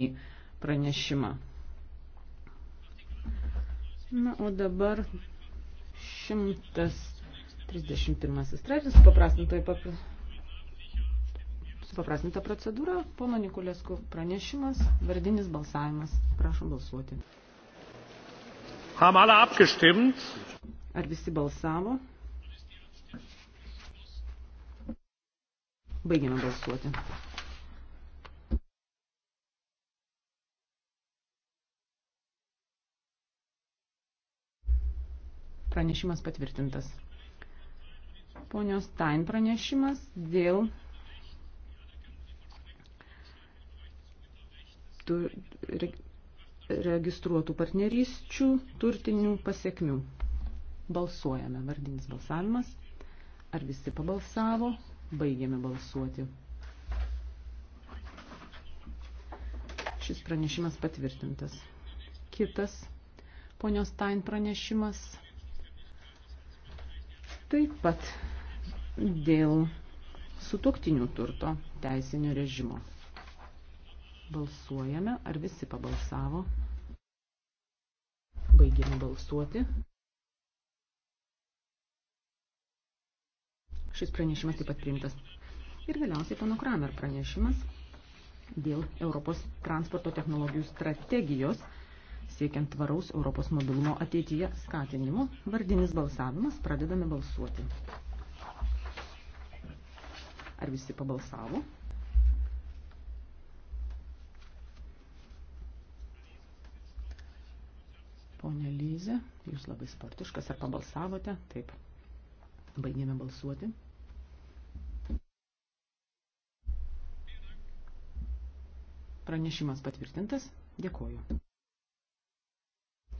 į pranešimą. Na, o dabar 131 straipsnis, supaprastinta, supaprastinta procedūra, pono Nikulėsku pranešimas, vardinis balsavimas. Prašom balsuoti. Ar visi balsavo? Baigėme balsuoti. Pranešimas patvirtintas. Ponios Tain pranešimas dėl registruotų partnerysčių turtinių pasiekmių. Balsuojame. Vardinis balsavimas. Ar visi pabalsavo? Baigėme balsuoti. Šis pranešimas patvirtintas. Kitas ponios Tain pranešimas Taip pat dėl sutoktinių turto teisinio režimo. Balsuojame, ar visi pabalsavo. Baigėme balsuoti. Šis pranešimas taip pat priimtas. Ir galiausiai pono Kramer pranešimas dėl Europos transporto technologijų strategijos siekiant tvaraus Europos mobilumo ateityje skatinimo. Vardinis balsavimas, pradedame balsuoti. Ar visi pabalsavo? Pone Lyze, jūs labai sportiškas, ar pabalsavote? Taip. Baigėme balsuoti. Pranešimas patvirtintas. Dėkoju.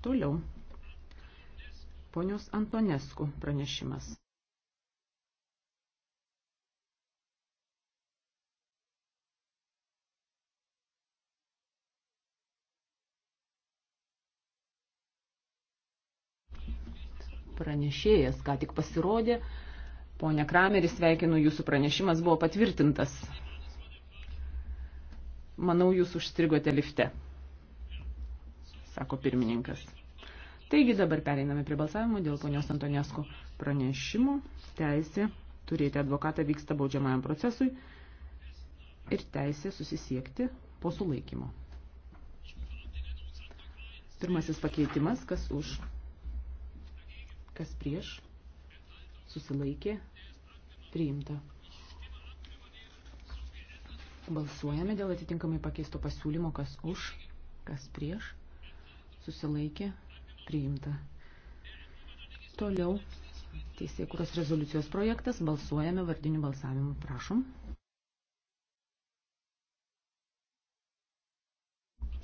Toliau. Ponios Antonesku pranešimas. Pranešėjas ką tik pasirodė. Pone Krameris, sveikinu, jūsų pranešimas buvo patvirtintas. Manau, jūs užstrigote lifte sako pirmininkas. Taigi dabar pereiname prie balsavimo dėl ponios Antonesku pranešimų. Teisė turėti advokatą vyksta baudžiamajam procesui ir teisė susisiekti po sulaikymo. Pirmasis pakeitimas, kas už, kas prieš, susilaikė, priimta. Balsuojame dėl atitinkamai pakeisto pasiūlymo, kas už, kas prieš, susilaikė, priimta. Toliau teisėkuros rezoliucijos projektas, balsuojame vardiniu balsavimu, prašom.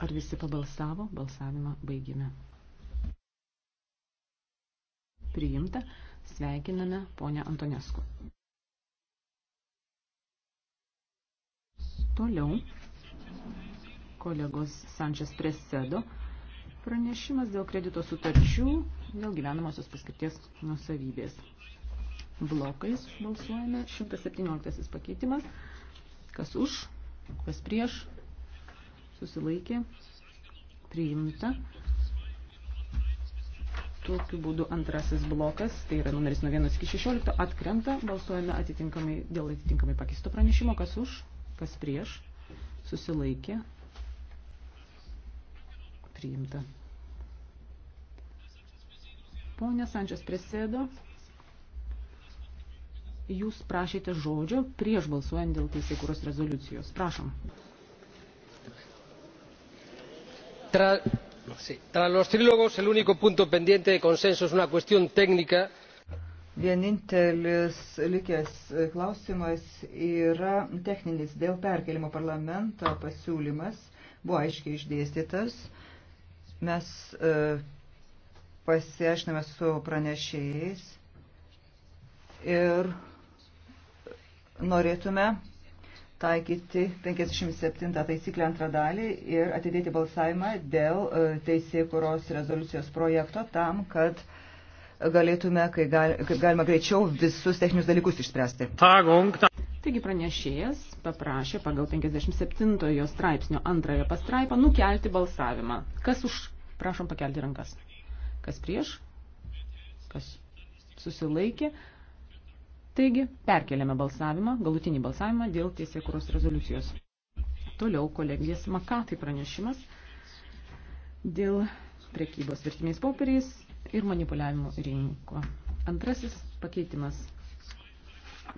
Ar visi pabalsavo, balsavimą baigime. Priimta, sveikiname ponę Antonesku. Toliau kolegos Sančias Presedo Pranešimas dėl kredito sutarčių, dėl gyvenamosios paskirties nusavybės. Blokais balsuojame. 117 pakeitimas. Kas už, kas prieš, susilaikė, priimta. Tokiu būdu antrasis blokas, tai yra numeris nuo 1 iki 16, atkrenta. Balsuojame atitinkamai, dėl atitinkamai pakeisto pranešimo. Kas už, kas prieš, susilaikė, priimta. Pone Sančias prisėdo. Jūs prašėte žodžio prieš balsuojant dėl teisėkūros rezoliucijos. Prašom. Tra, sí, tras los trílogos, el único punto pendiente de consenso es una cuestión técnica. Vienintelis likęs klausimas yra techninis dėl perkelimo parlamento pasiūlymas, buvo aiškiai išdėstytas. Mes e, pasiešiname su pranešėjais ir norėtume taikyti 57 taisyklę antrą dalį ir atidėti balsavimą dėl e, teisėkuros rezoliucijos projekto tam, kad galėtume, kai gal, kaip galima greičiau, visus techninius dalykus išspręsti. Taigi pranešėjas paprašė pagal 57 straipsnio antrąją pastraipą nukelti balsavimą. Kas už Prašom pakelti rankas. Kas prieš? Kas susilaikė? Taigi, perkeliame balsavimą, galutinį balsavimą dėl teisėkuros rezoliucijos. Toliau kolegijas Makatai pranešimas dėl prekybos vertimiais popieriais ir manipuliavimo rinko. Antrasis pakeitimas.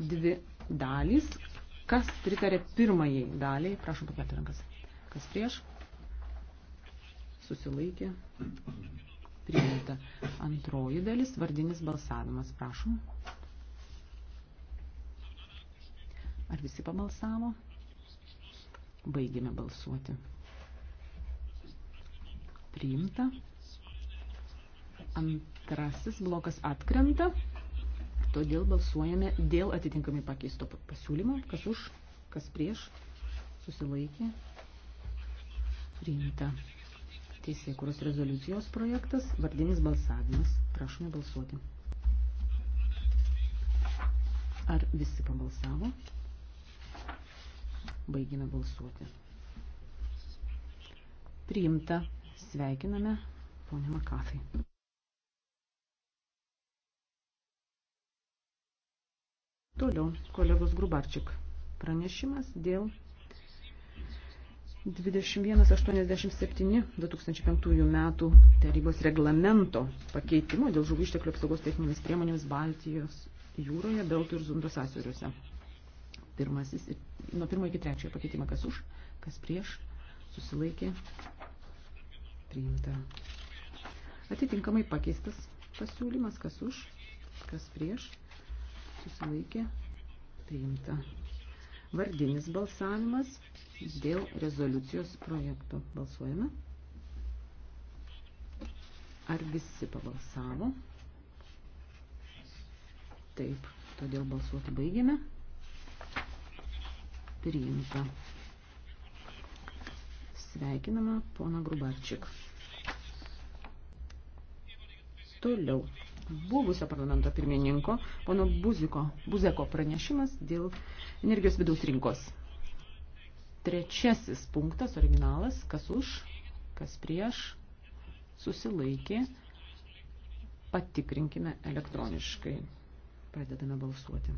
Dvi dalys. Kas pritarė pirmajai daliai? Prašom pakelti rankas. Kas prieš? susilaikė, priimta. Antroji dalis, vardinis balsavimas, prašom. Ar visi pabalsavo? Baigėme balsuoti. Priimta. Antrasis blokas atkrenta, todėl balsuojame dėl atitinkamai pakeisto pasiūlymo, kas už, kas prieš, susilaikė, priimta teisėkuros rezoliucijos projektas, vardinis balsavimas. Prašome balsuoti. Ar visi pabalsavo? Baigime balsuoti. Priimta. Sveikiname ponę Makafį. Toliau kolegos Grubarčik pranešimas dėl 2187 2005 metų tarybos reglamento pakeitimo dėl žuvų išteklių apsaugos techninėmis priemonėmis Baltijos jūroje, Beltų ir Zundo sąsiauriuose. Pirmasis, nuo pirmo iki trečiojo pakeitimą kas už, kas prieš, susilaikė, priimta. Atitinkamai pakeistas pasiūlymas, kas už, kas prieš, susilaikė, priimta vardinis balsavimas dėl rezoliucijos projekto. Balsuojame. Ar visi pabalsavo? Taip, todėl balsuoti baigėme. Priimta. Sveikiname poną Grubarčik. Toliau buvusio parlamento pirmininko, pono Buziko, Buzeko pranešimas dėl energijos vidaus rinkos. Trečiasis punktas, originalas, kas už, kas prieš, susilaikė, patikrinkime elektroniškai. Pradedame balsuoti.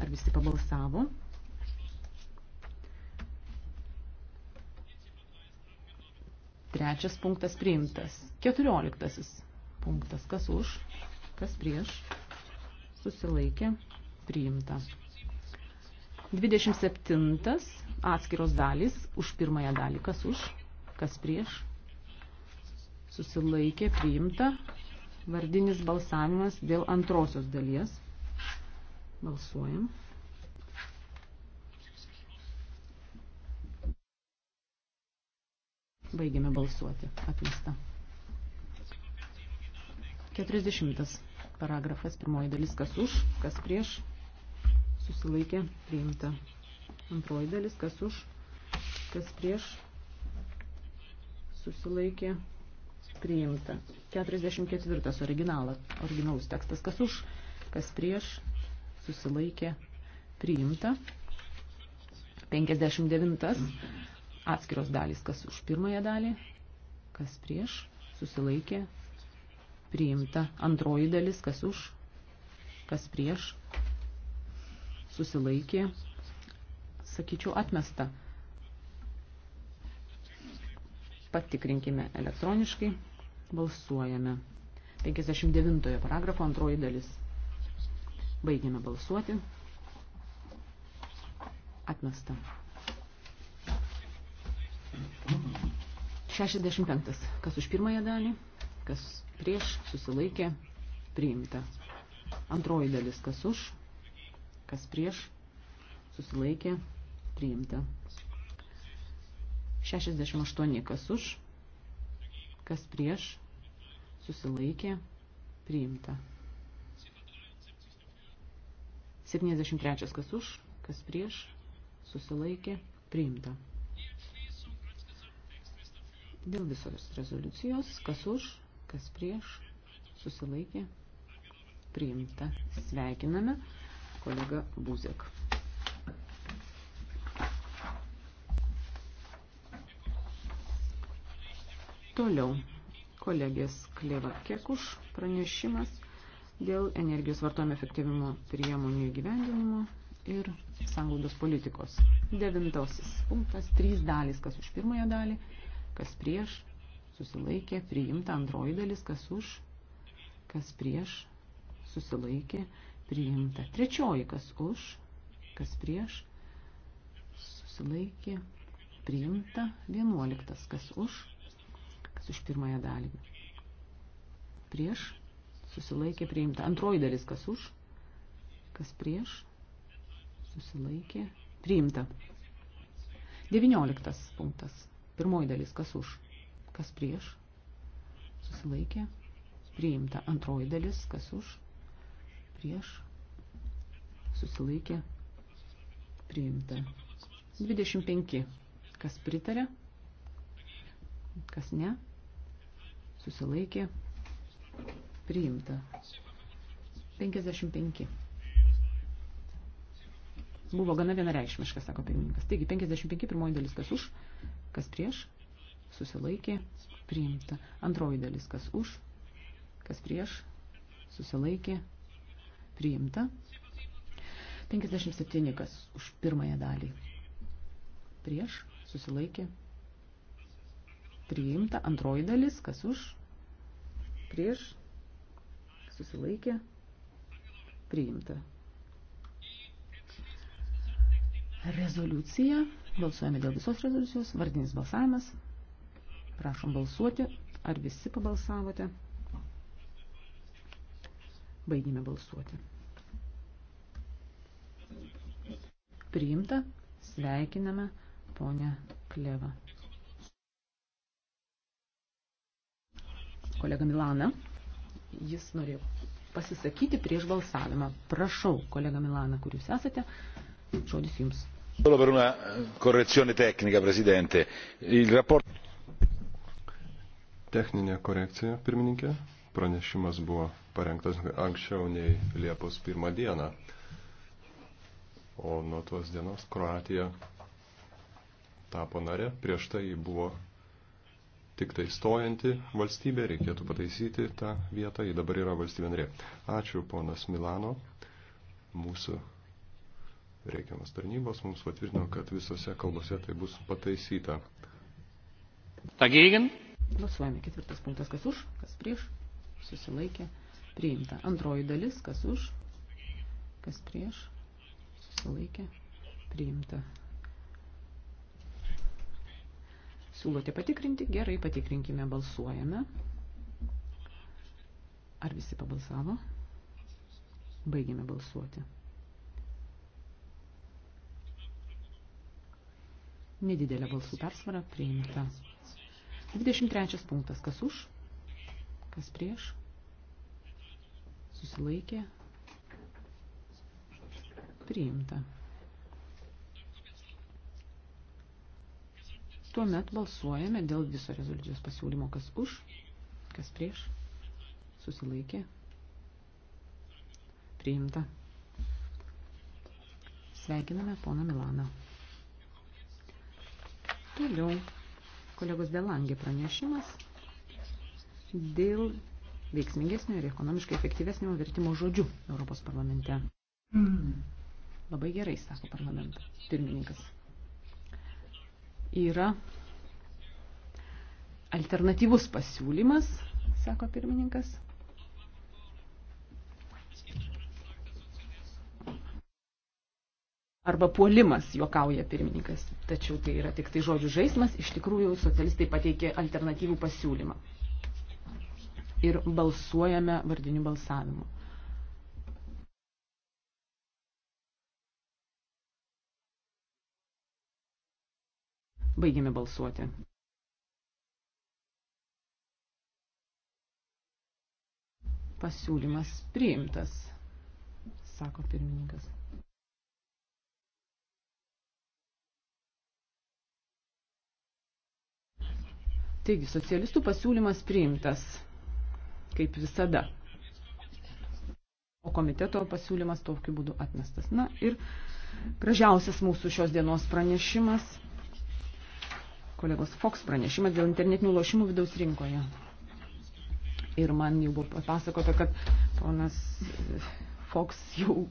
Ar visi pabalsavo? Trečias punktas priimtas. Keturioliktasis punktas. Kas už, kas prieš, susilaikė, priimta. 27 atskiros dalys už pirmąją dalį. Kas už, kas prieš, susilaikė, priimta. Vardinis balsavimas dėl antrosios dalies. Balsuojam. Baigėme balsuoti. Atmesta. 40. Paragrafas, pirmoji dalis, kas už, kas prieš, susilaikė, priimta. Antroji dalis, kas už, kas prieš, susilaikė, priimta. 44. Originalas, originalus tekstas, kas už, kas prieš, susilaikė, priimta. 59. Atskiros dalys, kas už pirmąją dalį, kas prieš, susilaikė, priimta. Antroji dalis, kas už, kas prieš, susilaikė, sakyčiau, atmesta. Patikrinkime elektroniškai, balsuojame. 59 paragrafo antroji dalis. Baigėme balsuoti. Atmesta. 65. Kas už pirmąją dalį, kas prieš, susilaikė, priimta. Antroji dalis, kas už, kas prieš, susilaikė, priimta. 68. Kas už, kas prieš, susilaikė, priimta. 73. Kas už, kas prieš, susilaikė, priimta. Dėl visos rezoliucijos, kas už, kas prieš, susilaikė, priimta. Sveikiname kolega Buzek. Toliau kolegės Kleva Kekuš pranešimas dėl energijos vartojimo efektyvimo priemonių įgyvendinimo ir sanglaudos politikos. Devintasis punktas, trys dalys, kas už pirmąją dalį, kas prieš, susilaikė, priimta antroji dalis, kas už, kas prieš, susilaikė, priimta trečioji, kas už, kas prieš, susilaikė, priimta vienuoliktas, kas už, kas už pirmąją dalį, prieš, susilaikė, priimta antroji dalis, kas už, kas prieš, susilaikė, priimta. 19 punktas. Pirmoji dalis, kas už, kas prieš, susilaikė, priimta. Antroji dalis, kas už, prieš, susilaikė, priimta. 25. Kas pritarė, kas ne, susilaikė, priimta. 55. Buvo gana vienareikšmiškas, sako pirmininkas. Taigi, 55 pirmoji dalis, kas už, Kas prieš? Susilaikė. Priimta. Antroji dalis. Kas už? Kas prieš? Susilaikė. Priimta. 57. Kas už pirmąją dalį? Prieš? Susilaikė. Priimta. Antroji dalis. Kas už? Prieš? Susilaikė. Priimta. Rezoliucija Balsuojame dėl visos rezoliucijos. Vardinis balsavimas. Prašom balsuoti. Ar visi pabalsavote? Baigime balsuoti. Priimta. Sveikiname ponę Klevą. Kolega Milana, jis norėjo pasisakyti prieš balsavimą. Prašau, kolega Milana, kur jūs esate, žodis jums. Solo per una eh, correzione tecnica, Presidente. Il rapporto... Techninė korekcija, pirmininkė. Pranešimas buvo parengtas anksčiau nei Liepos pirmą dieną. O nuo tos dienos Kroatija tapo nare, prieš tai buvo tik tai stojanti valstybė, reikėtų pataisyti tą vietą, ji dabar yra valstybė narė. Ačiū ponas Milano, mūsų reikiamas tarnybos mums patvirtino, kad visose kalbose tai bus pataisyta. Dagegen? Balsuojame ketvirtas punktas, kas už, kas prieš, susilaikė, priimta. Antroji dalis, kas už, kas prieš, susilaikė, priimta. Siūlote patikrinti? Gerai, patikrinkime, balsuojame. Ar visi pabalsavo? Baigėme balsuoti. Nedidelė balsų persvara priimta. 23 punktas. Kas už? Kas prieš? Susilaikė. Priimta. Tuomet balsuojame dėl viso rezoliucijos pasiūlymo. Kas už? Kas prieš? Susilaikė. Priimta. Sveikiname poną Milaną. Toliau kolegos Belangė pranešimas dėl veiksmingesnio ir ekonomiškai efektyvesnio vertimo žodžių Europos parlamente. Labai gerai, sako parlamento pirmininkas. Yra alternatyvus pasiūlymas, sako pirmininkas. arba puolimas, juokauja pirmininkas. Tačiau tai yra tik tai žodžių žaidimas, iš tikrųjų socialistai pateikė alternatyvų pasiūlymą. Ir balsuojame vardiniu balsavimu. Baigėme balsuoti. Pasiūlymas priimtas, sako pirmininkas. Taigi, socialistų pasiūlymas priimtas, kaip visada. O komiteto pasiūlymas tokiu būdu atmestas. Na ir gražiausias mūsų šios dienos pranešimas, kolegos Fox pranešimas dėl internetinių lošimų vidaus rinkoje. Ir man jau buvo papasakota, kad ponas Fox jau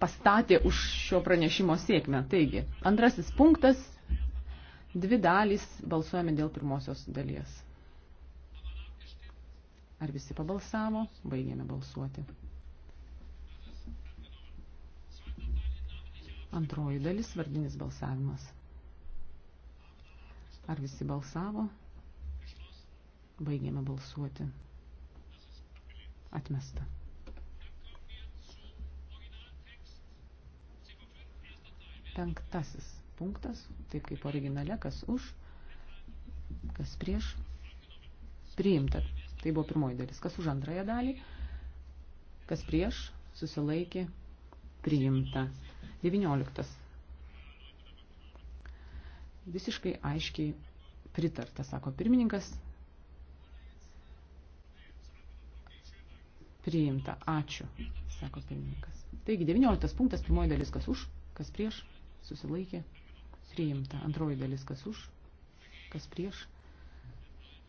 pastatė už šio pranešimo sėkmę. Taigi, antrasis punktas Dvi dalys balsuojame dėl pirmosios dalies. Ar visi pabalsavo? Baigėme balsuoti. Antroji dalis – vardinis balsavimas. Ar visi balsavo? Baigėme balsuoti. Atmesta. Penktasis punktas, taip kaip originale, kas už, kas prieš, priimta. Tai buvo pirmoji dalis. Kas už antrąją dalį, kas prieš, susilaikė, priimta. 19. Visiškai aiškiai pritarta, sako pirmininkas. Priimta. Ačiū, sako pirmininkas. Taigi 19 punktas, pirmoji dalis, kas už, kas prieš, susilaikė, priimta. Antroji dalis kas už, kas prieš,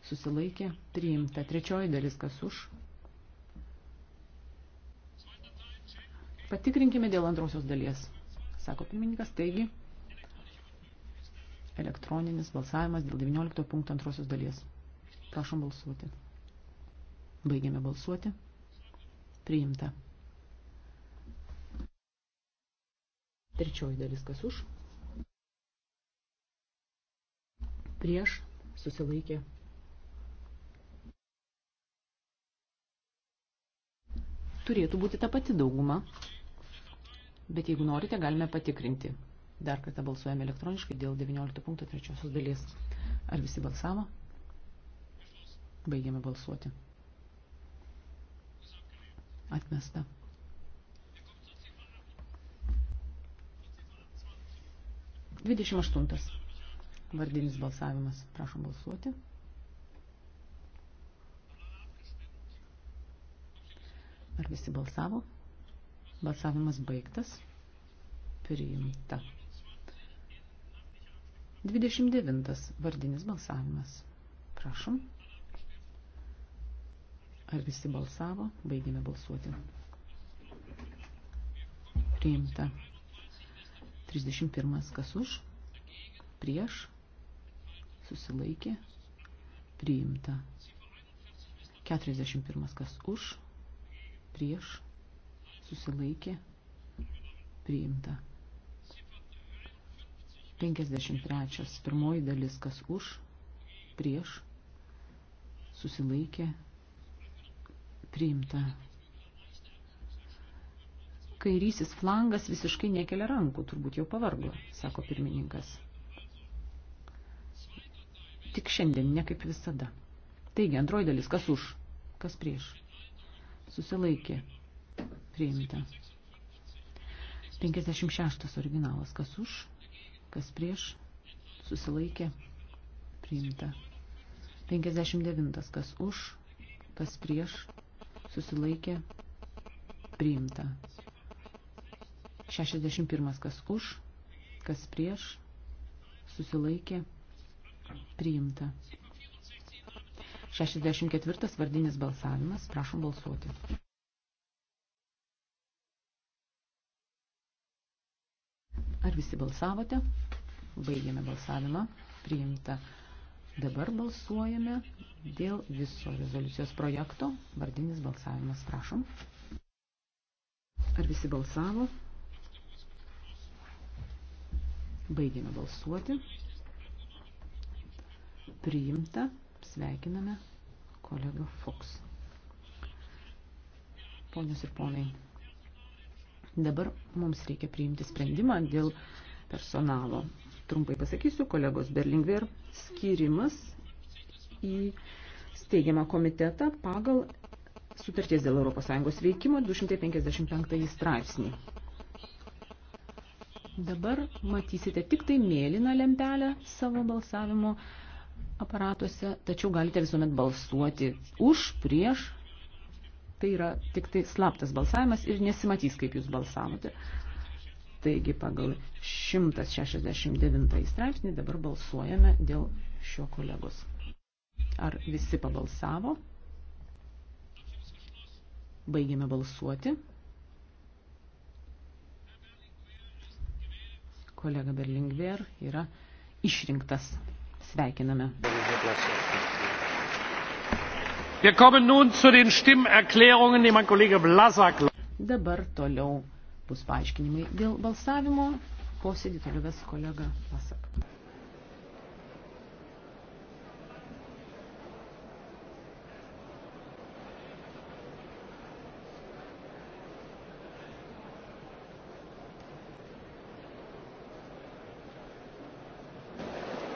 susilaikė, priimta. Trečioji dalis kas už. Patikrinkime dėl antrosios dalies, sako pirmininkas. Taigi, elektroninis balsavimas dėl 19 punktų antrosios dalies. Prašom balsuoti. Baigiame balsuoti. Priimta. Trečioji dalis kas už. prieš susilaikė. Turėtų būti ta pati dauguma, bet jeigu norite, galime patikrinti. Dar kartą balsuojame elektroniškai dėl 19.3 dalies. Ar visi balsavo? Baigėme balsuoti. Atmesta. Dvidešimt aštuntas. Vardinis balsavimas. Prašom balsuoti. Ar visi balsavo? Balsavimas baigtas. Priimta. 29. Vardinis balsavimas. Prašom. Ar visi balsavo? Baigėme balsuoti. Priimta. 31. Kas už? Prieš? susilaikė, priimta. 41 kas už, prieš, susilaikė, priimta. 53 pirmoji dalis kas už, prieš, susilaikė, priimta. Kairysis flangas visiškai nekelia rankų, turbūt jau pavargo, sako pirmininkas tik šiandien, ne kaip visada. Taigi, antroji dalis, kas už, kas prieš. Susilaikė, priimta. 56 originalas, kas už, kas prieš, susilaikė, priimta. 59 kas už, kas prieš, susilaikė, priimta. 61 kas už, kas prieš, susilaikė, priimta Priimta. 64 vardinis balsavimas. Prašom balsuoti. Ar visi balsavote? Baigėme balsavimą. Priimta. Dabar balsuojame dėl viso rezoliucijos projekto. Vardinis balsavimas. Prašom. Ar visi balsavo? Baigėme balsuoti. Priimta. Sveikiname kolegą Fox. Ponios ir ponai, dabar mums reikia priimti sprendimą dėl personalo. Trumpai pasakysiu, kolegos Berlingver skyrimas į steigiamą komitetą pagal sutarties dėl ES veikimo 255 straipsnį. Dabar matysite tik tai mėlyną lempelę savo balsavimo aparatuose, tačiau galite visuomet balsuoti už, prieš. Tai yra tik tai slaptas balsavimas ir nesimatys, kaip jūs balsavote. Taigi pagal 169 straipsnį dabar balsuojame dėl šio kolegos. Ar visi pabalsavo? Baigėme balsuoti. Kolega Berlingver yra išrinktas Sveikiname. Dabar toliau bus paaiškinimai dėl balsavimo. Posėdį toliau ves kolega Lasak.